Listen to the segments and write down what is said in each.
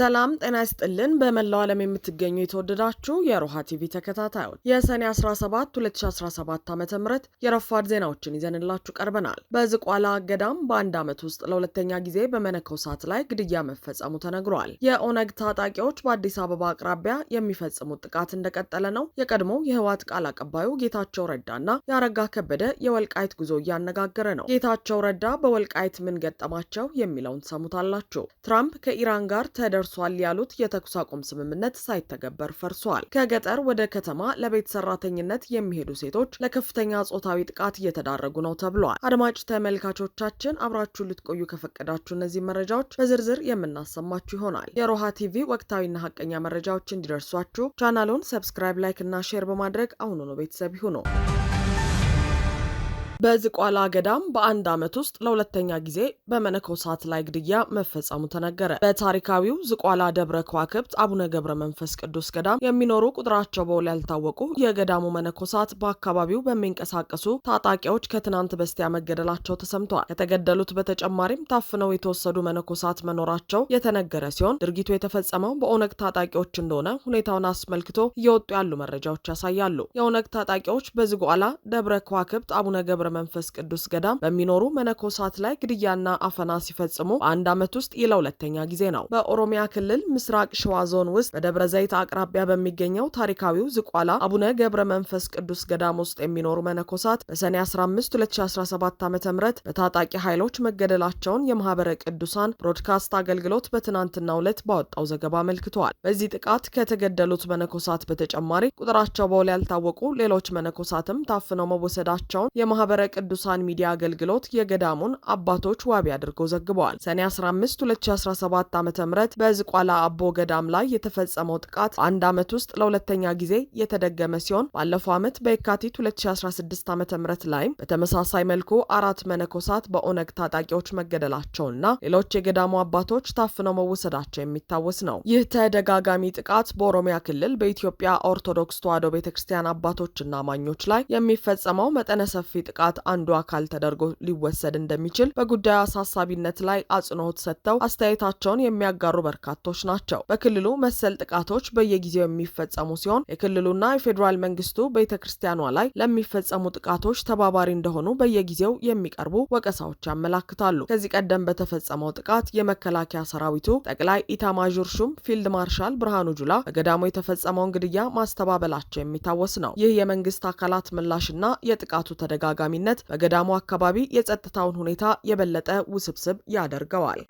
ሰላም ጤና ይስጥልን። በመላው ዓለም የምትገኙ የተወደዳችሁ የሮሃ ቲቪ ተከታታዮች የሰኔ 17 2017 ዓ ም የረፋድ ዜናዎችን ይዘንላችሁ ቀርበናል። በዝቋላ ገዳም በአንድ ዓመት ውስጥ ለሁለተኛ ጊዜ በመነኮሳት ላይ ግድያ መፈጸሙ ተነግሯል። የኦነግ ታጣቂዎች በአዲስ አበባ አቅራቢያ የሚፈጽሙት ጥቃት እንደቀጠለ ነው። የቀድሞው የህወሓት ቃል አቀባዩ ጌታቸው ረዳና የአረጋ ከበደ የወልቃይት ጉዞ እያነጋገረ ነው። ጌታቸው ረዳ በወልቃይት ምን ገጠማቸው የሚለውን ሰሙታላችሁ። ትራምፕ ከኢራን ጋር ተደርሶ ደርሷል ያሉት የተኩስ አቁም ስምምነት ሳይተገበር ፈርሷል። ከገጠር ወደ ከተማ ለቤት ሰራተኝነት የሚሄዱ ሴቶች ለከፍተኛ ጾታዊ ጥቃት እየተዳረጉ ነው ተብሏል። አድማጭ ተመልካቾቻችን አብራችሁ ልትቆዩ ከፈቀዳችሁ እነዚህ መረጃዎች በዝርዝር የምናሰማችሁ ይሆናል። የሮሃ ቲቪ ወቅታዊና ሀቀኛ መረጃዎች እንዲደርሷችሁ ቻናሉን ሰብስክራይብ፣ ላይክ እና ሼር በማድረግ አሁኑኑ ቤተሰብ ይሁኑ። በዝቋላ ገዳም በአንድ ዓመት ውስጥ ለሁለተኛ ጊዜ በመነኮሳት ላይ ግድያ መፈጸሙ ተነገረ። በታሪካዊው ዝቋላ ደብረ ከዋክብት አቡነ ገብረ መንፈስ ቅዱስ ገዳም የሚኖሩ ቁጥራቸው በውል ያልታወቁ የገዳሙ መነኮሳት በአካባቢው በሚንቀሳቀሱ ታጣቂዎች ከትናንት በስቲያ መገደላቸው ተሰምተዋል። ከተገደሉት በተጨማሪም ታፍነው የተወሰዱ መነኮሳት መኖራቸው የተነገረ ሲሆን ድርጊቱ የተፈጸመው በኦነግ ታጣቂዎች እንደሆነ ሁኔታውን አስመልክቶ እየወጡ ያሉ መረጃዎች ያሳያሉ። የኦነግ ታጣቂዎች በዝቋላ ደብረ ከዋክብት አቡነ ገብረ መንፈስ ቅዱስ ገዳም በሚኖሩ መነኮሳት ላይ ግድያና አፈና ሲፈጽሙ በአንድ ዓመት ውስጥ ይህ ለሁለተኛ ጊዜ ነው። በኦሮሚያ ክልል ምስራቅ ሸዋ ዞን ውስጥ በደብረ ዘይት አቅራቢያ በሚገኘው ታሪካዊው ዝቋላ አቡነ ገብረ መንፈስ ቅዱስ ገዳም ውስጥ የሚኖሩ መነኮሳት በሰኔ 15 2017 ዓ ም በታጣቂ ኃይሎች መገደላቸውን የማህበረ ቅዱሳን ብሮድካስት አገልግሎት በትናንትናው ዕለት ባወጣው ዘገባ አመልክተዋል። በዚህ ጥቃት ከተገደሉት መነኮሳት በተጨማሪ ቁጥራቸው በውል ያልታወቁ ሌሎች መነኮሳትም ታፍነው መወሰዳቸውን የማህበረ የማኅበረ ቅዱሳን ሚዲያ አገልግሎት የገዳሙን አባቶች ዋቢ አድርጎ ዘግበዋል። ሰኔ 15 2017 ዓ ም በዝቋላ አቦ ገዳም ላይ የተፈጸመው ጥቃት በአንድ ዓመት ውስጥ ለሁለተኛ ጊዜ የተደገመ ሲሆን ባለፈው ዓመት በየካቲት 2016 ዓ ም ላይም በተመሳሳይ መልኩ አራት መነኮሳት በኦነግ ታጣቂዎች መገደላቸውና ሌሎች የገዳሙ አባቶች ታፍነው መወሰዳቸው የሚታወስ ነው። ይህ ተደጋጋሚ ጥቃት በኦሮሚያ ክልል በኢትዮጵያ ኦርቶዶክስ ተዋሕዶ ቤተ ክርስቲያን አባቶችና አማኞች ላይ የሚፈጸመው መጠነ ሰፊ ጥቃት ስርዓት አንዱ አካል ተደርጎ ሊወሰድ እንደሚችል በጉዳዩ አሳሳቢነት ላይ አጽንኦት ሰጥተው አስተያየታቸውን የሚያጋሩ በርካቶች ናቸው። በክልሉ መሰል ጥቃቶች በየጊዜው የሚፈጸሙ ሲሆን የክልሉና የፌዴራል መንግስቱ ቤተ ክርስቲያኗ ላይ ለሚፈጸሙ ጥቃቶች ተባባሪ እንደሆኑ በየጊዜው የሚቀርቡ ወቀሳዎች ያመላክታሉ። ከዚህ ቀደም በተፈጸመው ጥቃት የመከላከያ ሰራዊቱ ጠቅላይ ኢታማዦር ሹም ፊልድ ማርሻል ብርሃኑ ጁላ በገዳሙ የተፈጸመውን ግድያ ማስተባበላቸው የሚታወስ ነው። ይህ የመንግስት አካላት ምላሽና የጥቃቱ ተደጋጋሚ ተፈጻሚነት በገዳሙ አካባቢ የጸጥታውን ሁኔታ የበለጠ ውስብስብ ያደርገዋል።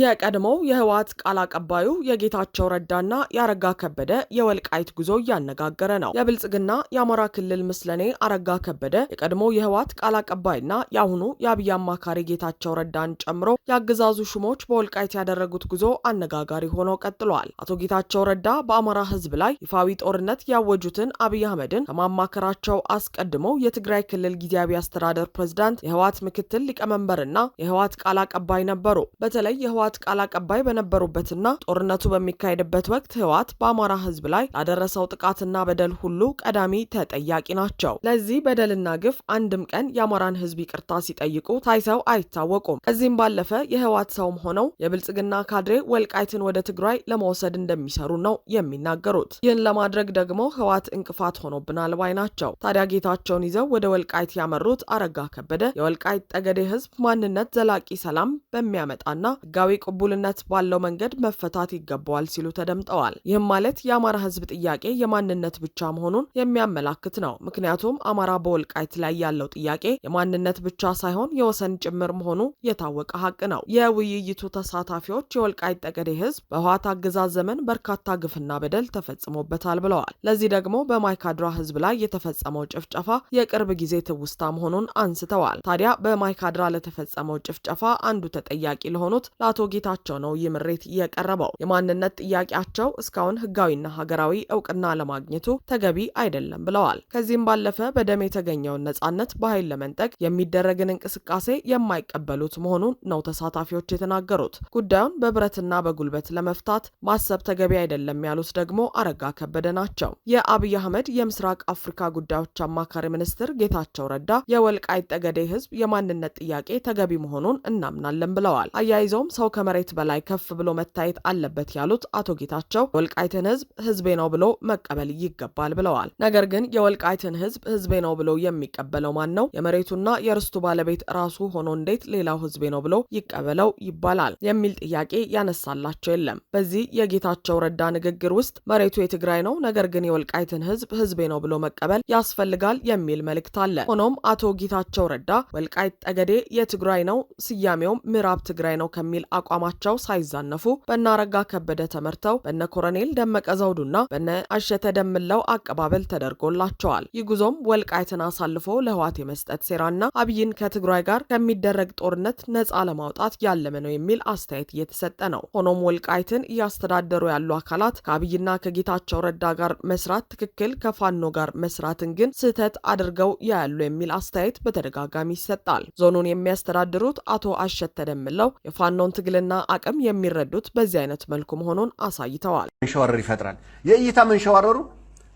የቀድሞው የህወሓት ቃል አቀባዩ የጌታቸው ረዳና የአረጋ ከበደ የወልቃይት ጉዞ እያነጋገረ ነው። የብልጽግና የአማራ ክልል ምስለኔ አረጋ ከበደ የቀድሞው የህወሓት ቃል አቀባይና የአሁኑ የአብይ አማካሪ ጌታቸው ረዳን ጨምሮ የአገዛዙ ሹሞች በወልቃይት ያደረጉት ጉዞ አነጋጋሪ ሆኖ ቀጥሏል። አቶ ጌታቸው ረዳ በአማራ ህዝብ ላይ ይፋዊ ጦርነት ያወጁትን አብይ አህመድን ከማማከራቸው አስቀድሞ የትግራይ ክልል ጊዜያዊ አስተዳደር ፕሬዝዳንት፣ የህወሓት ምክትል ሊቀመንበርና የህወሓት ቃል አቀባይ ነበሩ። በተለይ የህወሓት ቃል አቀባይ በነበሩበትና ጦርነቱ በሚካሄድበት ወቅት ህወሓት በአማራ ህዝብ ላይ ላደረሰው ጥቃትና በደል ሁሉ ቀዳሚ ተጠያቂ ናቸው። ለዚህ በደልና ግፍ አንድም ቀን የአማራን ህዝብ ይቅርታ ሲጠይቁ ታይተው አይታወቁም። ከዚህም ባለፈ የህወሓት ሰውም ሆነው የብልጽግና ካድሬ ወልቃይትን ወደ ትግራይ ለመውሰድ እንደሚሰሩ ነው የሚናገሩት። ይህን ለማድረግ ደግሞ ህወሓት እንቅፋት ሆኖብናል ባይ ናቸው። ታዲያ ጌታቸውን ይዘው ወደ ወልቃይት ያመሩት አረጋ ከበደ የወልቃይት ጠገዴ ህዝብ ማንነት ዘላቂ ሰላም በሚያመጣና ህጋዊ ህጋዊ ቅቡልነት ባለው መንገድ መፈታት ይገባዋል ሲሉ ተደምጠዋል። ይህም ማለት የአማራ ህዝብ ጥያቄ የማንነት ብቻ መሆኑን የሚያመላክት ነው። ምክንያቱም አማራ በወልቃይት ላይ ያለው ጥያቄ የማንነት ብቻ ሳይሆን የወሰን ጭምር መሆኑ የታወቀ ሀቅ ነው። የውይይቱ ተሳታፊዎች የወልቃይት ጠገዴ ህዝብ በህወሓት አገዛዝ ዘመን በርካታ ግፍና በደል ተፈጽሞበታል ብለዋል። ለዚህ ደግሞ በማይካድራ ህዝብ ላይ የተፈጸመው ጭፍጨፋ የቅርብ ጊዜ ትውስታ መሆኑን አንስተዋል። ታዲያ በማይካድራ ለተፈጸመው ጭፍጨፋ አንዱ ተጠያቂ ለሆኑት ለአቶ አቶ ጌታቸው ነው ይህ ምሬት የቀረበው። የማንነት ጥያቄያቸው እስካሁን ህጋዊና ሀገራዊ እውቅና ለማግኘቱ ተገቢ አይደለም ብለዋል። ከዚህም ባለፈ በደም የተገኘውን ነጻነት በኃይል ለመንጠቅ የሚደረግን እንቅስቃሴ የማይቀበሉት መሆኑን ነው ተሳታፊዎች የተናገሩት። ጉዳዩን በብረትና በጉልበት ለመፍታት ማሰብ ተገቢ አይደለም ያሉት ደግሞ አረጋ ከበደ ናቸው። የአብይ አህመድ የምስራቅ አፍሪካ ጉዳዮች አማካሪ ሚኒስትር ጌታቸው ረዳ የወልቃይት ጠገዴ ህዝብ የማንነት ጥያቄ ተገቢ መሆኑን እናምናለን ብለዋል። አያይዘውም ሰው ከመሬት በላይ ከፍ ብሎ መታየት አለበት ያሉት አቶ ጌታቸው የወልቃይትን ህዝብ ህዝቤ ነው ብሎ መቀበል ይገባል ብለዋል። ነገር ግን የወልቃይትን ህዝብ ህዝቤ ነው ብሎ የሚቀበለው ማን ነው? የመሬቱና የርስቱ ባለቤት ራሱ ሆኖ እንዴት ሌላው ህዝቤ ነው ብሎ ይቀበለው ይባላል የሚል ጥያቄ ያነሳላቸው የለም። በዚህ የጌታቸው ረዳ ንግግር ውስጥ መሬቱ የትግራይ ነው፣ ነገር ግን የወልቃይትን ህዝብ ህዝቤ ነው ብሎ መቀበል ያስፈልጋል የሚል መልእክት አለ። ሆኖም አቶ ጌታቸው ረዳ ወልቃይት ጠገዴ የትግራይ ነው ስያሜውም ምዕራብ ትግራይ ነው ከሚል አቋማቸው ሳይዛነፉ በእነ አረጋ ከበደ ተመርተው በነ ኮረኔል ደመቀ ዘውዱና በነ አሸተ ደምለው አቀባበል ተደርጎላቸዋል። ይህ ጉዞም ወልቃይትን አሳልፎ ለህዋት የመስጠት ሴራና አብይን ከትግራይ ጋር ከሚደረግ ጦርነት ነፃ ለማውጣት ያለመ ነው የሚል አስተያየት እየተሰጠ ነው። ሆኖም ወልቃይትን እያስተዳደሩ ያሉ አካላት ከአብይና ከጌታቸው ረዳ ጋር መስራት ትክክል፣ ከፋኖ ጋር መስራትን ግን ስህተት አድርገው ያያሉ የሚል አስተያየት በተደጋጋሚ ይሰጣል። ዞኑን የሚያስተዳድሩት አቶ አሸተ ደምለው የፋኖን ትግልና አቅም የሚረዱት በዚህ አይነት መልኩ መሆኑን አሳይተዋል። መንሸዋረር ይፈጥራል። የእይታ መንሸዋረሩ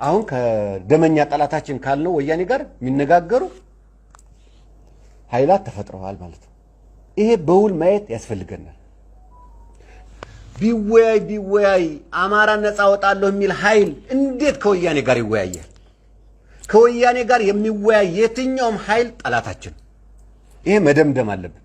አሁን ከደመኛ ጠላታችን ካልነው ወያኔ ጋር የሚነጋገሩ ኃይላት ተፈጥረዋል ማለት ነው። ይሄ በውል ማየት ያስፈልገናል። ቢወያይ ቢወያይ አማራ ነፃ ወጣለሁ የሚል ኃይል እንዴት ከወያኔ ጋር ይወያያል? ከወያኔ ጋር የሚወያይ የትኛውም ኃይል ጠላታችን። ይሄ መደምደም አለብን።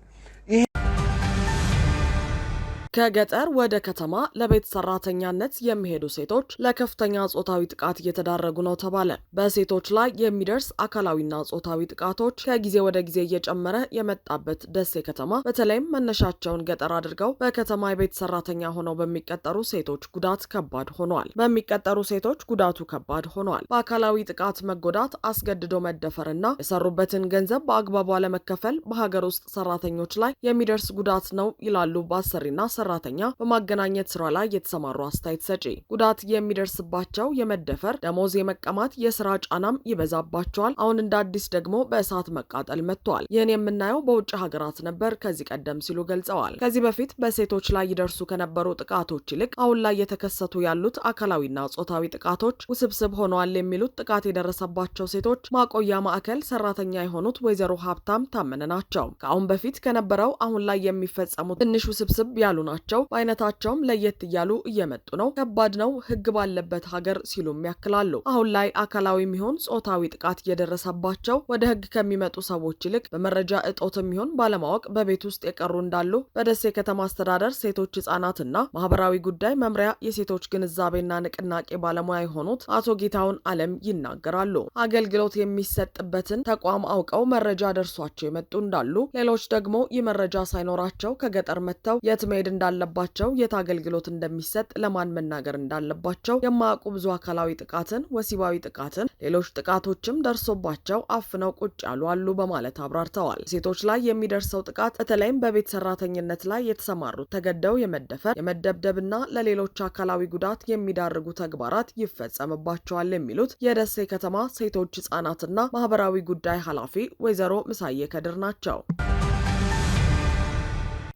ከገጠር ወደ ከተማ ለቤት ሰራተኛነት የሚሄዱ ሴቶች ለከፍተኛ ጾታዊ ጥቃት እየተዳረጉ ነው ተባለ። በሴቶች ላይ የሚደርስ አካላዊና ጾታዊ ጥቃቶች ከጊዜ ወደ ጊዜ እየጨመረ የመጣበት ደሴ ከተማ በተለይም መነሻቸውን ገጠር አድርገው በከተማ የቤት ሰራተኛ ሆነው በሚቀጠሩ ሴቶች ጉዳት ከባድ ሆኗል። በሚቀጠሩ ሴቶች ጉዳቱ ከባድ ሆኗል። በአካላዊ ጥቃት መጎዳት፣ አስገድዶ መደፈርና የሰሩበትን ገንዘብ በአግባቡ አለመከፈል በሀገር ውስጥ ሰራተኞች ላይ የሚደርስ ጉዳት ነው ይላሉ በአሰሪና ሰራተኛ በማገናኘት ስራ ላይ የተሰማሩ አስተያየት ሰጪ ጉዳት የሚደርስባቸው የመደፈር ደሞዝ የመቀማት የስራ ጫናም ይበዛባቸዋል። አሁን እንደ አዲስ ደግሞ በእሳት መቃጠል መጥቷል። ይህን የምናየው በውጭ ሀገራት ነበር ከዚህ ቀደም ሲሉ ገልጸዋል። ከዚህ በፊት በሴቶች ላይ ይደርሱ ከነበሩ ጥቃቶች ይልቅ አሁን ላይ የተከሰቱ ያሉት አካላዊና ጾታዊ ጥቃቶች ውስብስብ ሆነዋል የሚሉት ጥቃት የደረሰባቸው ሴቶች ማቆያ ማዕከል ሰራተኛ የሆኑት ወይዘሮ ሀብታም ታመነ ናቸው። ከአሁን በፊት ከነበረው አሁን ላይ የሚፈጸሙት ትንሽ ውስብስብ ያሉ ናቸው። በአይነታቸውም ለየት እያሉ እየመጡ ነው። ከባድ ነው ህግ ባለበት ሀገር ሲሉም ያክላሉ። አሁን ላይ አካላዊ የሚሆን ጾታዊ ጥቃት እየደረሰባቸው ወደ ህግ ከሚመጡ ሰዎች ይልቅ በመረጃ እጦት የሚሆን ባለማወቅ በቤት ውስጥ የቀሩ እንዳሉ በደሴ ከተማ አስተዳደር ሴቶች ህጻናትና ማህበራዊ ጉዳይ መምሪያ የሴቶች ግንዛቤና ንቅናቄ ባለሙያ የሆኑት አቶ ጌታውን አለም ይናገራሉ። አገልግሎት የሚሰጥበትን ተቋም አውቀው መረጃ ደርሷቸው የመጡ እንዳሉ፣ ሌሎች ደግሞ ይህ መረጃ ሳይኖራቸው ከገጠር መጥተው የት መሄድ እንዳለባቸው፣ የት አገልግሎት እንደሚሰጥ፣ ለማን መናገር እንዳለባቸው የማያውቁ ብዙ አካላዊ ጥቃትን፣ ወሲባዊ ጥቃትን፣ ሌሎች ጥቃቶችም ደርሶባቸው አፍነው ቁጭ ያሉ አሉ በማለት አብራርተዋል። ሴቶች ላይ የሚደርሰው ጥቃት በተለይም በቤት ሰራተኝነት ላይ የተሰማሩት ተገደው የመደፈር የመደብደብና ለሌሎች አካላዊ ጉዳት የሚዳርጉ ተግባራት ይፈጸምባቸዋል የሚሉት የደሴ ከተማ ሴቶች ህጻናትና ማህበራዊ ጉዳይ ኃላፊ ወይዘሮ ምሳዬ ከድር ናቸው።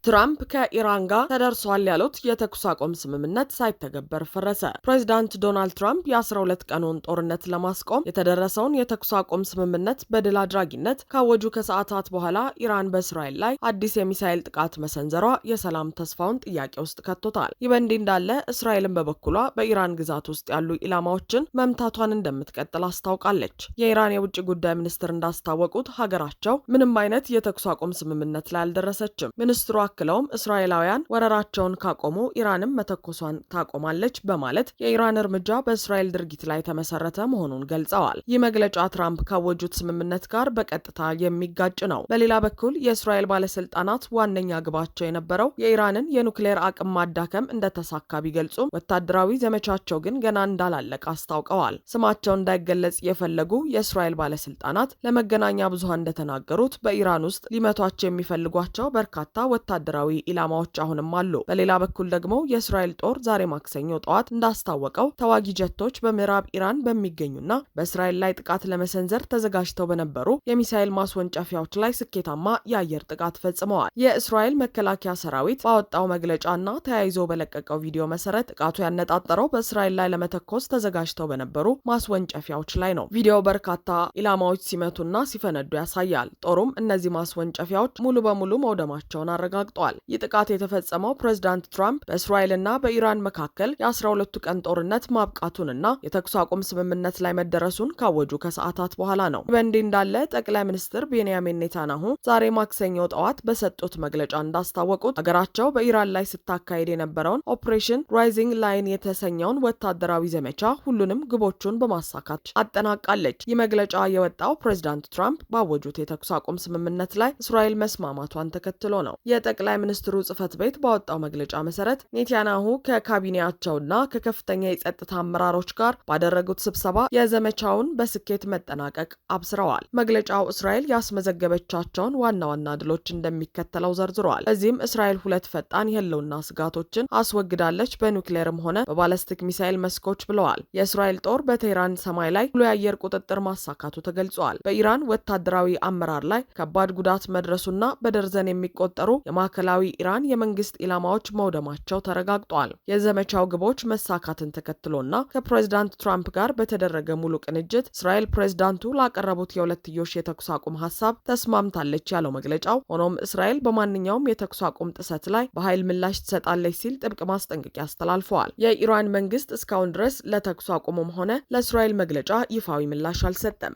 ትራምፕ ከኢራን ጋር ተደርሷል ያሉት የተኩስ አቆም ስምምነት ሳይተገበር ፈረሰ። ፕሬዚዳንት ዶናልድ ትራምፕ የ12 ቀኑን ጦርነት ለማስቆም የተደረሰውን የተኩስ አቆም ስምምነት በድል አድራጊነት ካወጁ ከሰዓታት በኋላ ኢራን በእስራኤል ላይ አዲስ የሚሳኤል ጥቃት መሰንዘሯ የሰላም ተስፋውን ጥያቄ ውስጥ ከቶታል። ይህ በእንዲህ እንዳለ እስራኤልን በበኩሏ በኢራን ግዛት ውስጥ ያሉ ኢላማዎችን መምታቷን እንደምትቀጥል አስታውቃለች። የኢራን የውጭ ጉዳይ ሚኒስትር እንዳስታወቁት ሀገራቸው ምንም አይነት የተኩስ አቆም ስምምነት ላይ አልደረሰችም። ሚኒስትሯ አክለውም እስራኤላውያን ወረራቸውን ካቆሙ ኢራንም መተኮሷን ታቆማለች በማለት የኢራን እርምጃ በእስራኤል ድርጊት ላይ የተመሰረተ መሆኑን ገልጸዋል። ይህ መግለጫ ትራምፕ ካወጁት ስምምነት ጋር በቀጥታ የሚጋጭ ነው። በሌላ በኩል የእስራኤል ባለስልጣናት ዋነኛ ግባቸው የነበረው የኢራንን የኑክሌር አቅም ማዳከም እንደተሳካ ቢገልጹም ወታደራዊ ዘመቻቸው ግን ገና እንዳላለቀ አስታውቀዋል። ስማቸው እንዳይገለጽ የፈለጉ የእስራኤል ባለስልጣናት ለመገናኛ ብዙሃን እንደተናገሩት በኢራን ውስጥ ሊመቷቸው የሚፈልጓቸው በርካታ ወታደ ወታደራዊ ኢላማዎች አሁንም አሉ። በሌላ በኩል ደግሞ የእስራኤል ጦር ዛሬ ማክሰኞ ጠዋት እንዳስታወቀው ተዋጊ ጀቶች በምዕራብ ኢራን በሚገኙና በእስራኤል ላይ ጥቃት ለመሰንዘር ተዘጋጅተው በነበሩ የሚሳኤል ማስወንጨፊያዎች ላይ ስኬታማ የአየር ጥቃት ፈጽመዋል። የእስራኤል መከላከያ ሰራዊት ባወጣው መግለጫና ተያይዞ በለቀቀው ቪዲዮ መሰረት ጥቃቱ ያነጣጠረው በእስራኤል ላይ ለመተኮስ ተዘጋጅተው በነበሩ ማስወንጨፊያዎች ላይ ነው። ቪዲዮው በርካታ ኢላማዎች ሲመቱና ሲፈነዱ ያሳያል። ጦሩም እነዚህ ማስወንጨፊያዎች ሙሉ በሙሉ መውደማቸውን አረጋግጧል። አረጋግጠዋል። ይህ ጥቃት የተፈጸመው ፕሬዚዳንት ትራምፕ በእስራኤልና በኢራን መካከል የአስራ ሁለቱ ቀን ጦርነት ማብቃቱንና የተኩስ አቁም ስምምነት ላይ መደረሱን ካወጁ ከሰዓታት በኋላ ነው። በእንዲህ እንዳለ ጠቅላይ ሚኒስትር ቤንያሚን ኔታናሁ ዛሬ ማክሰኞ ጠዋት በሰጡት መግለጫ እንዳስታወቁት ሀገራቸው በኢራን ላይ ስታካሄድ የነበረውን ኦፕሬሽን ራይዚንግ ላይን የተሰኘውን ወታደራዊ ዘመቻ ሁሉንም ግቦቹን በማሳካት አጠናቃለች። ይህ መግለጫ የወጣው ፕሬዚዳንት ትራምፕ ባወጁት የተኩስ አቁም ስምምነት ላይ እስራኤል መስማማቷን ተከትሎ ነው። ጠቅላይ ሚኒስትሩ ጽህፈት ቤት ባወጣው መግለጫ መሰረት ኔታንያሁ ከካቢኔያቸውና ከከፍተኛ የጸጥታ አመራሮች ጋር ባደረጉት ስብሰባ የዘመቻውን በስኬት መጠናቀቅ አብስረዋል። መግለጫው እስራኤል ያስመዘገበቻቸውን ዋና ዋና ድሎች እንደሚከተለው ዘርዝረዋል። በዚህም እስራኤል ሁለት ፈጣን የህልውና ስጋቶችን አስወግዳለች፣ በኒውክሌርም ሆነ በባለስቲክ ሚሳይል መስኮች ብለዋል። የእስራኤል ጦር በቴህራን ሰማይ ላይ ሙሉ የአየር ቁጥጥር ማሳካቱ ተገልጿል። በኢራን ወታደራዊ አመራር ላይ ከባድ ጉዳት መድረሱና በደርዘን የሚቆጠሩ የማ በማዕከላዊ ኢራን የመንግስት ኢላማዎች መውደማቸው ተረጋግጧል። የዘመቻው ግቦች መሳካትን ተከትሎና ከፕሬዚዳንት ትራምፕ ጋር በተደረገ ሙሉ ቅንጅት እስራኤል ፕሬዚዳንቱ ላቀረቡት የሁለትዮሽ የተኩስ አቁም ሀሳብ ተስማምታለች ያለው መግለጫው፣ ሆኖም እስራኤል በማንኛውም የተኩስ አቁም ጥሰት ላይ በኃይል ምላሽ ትሰጣለች ሲል ጥብቅ ማስጠንቀቂያ አስተላልፈዋል። የኢራን መንግስት እስካሁን ድረስ ለተኩስ አቁሙም ሆነ ለእስራኤል መግለጫ ይፋዊ ምላሽ አልሰጠም።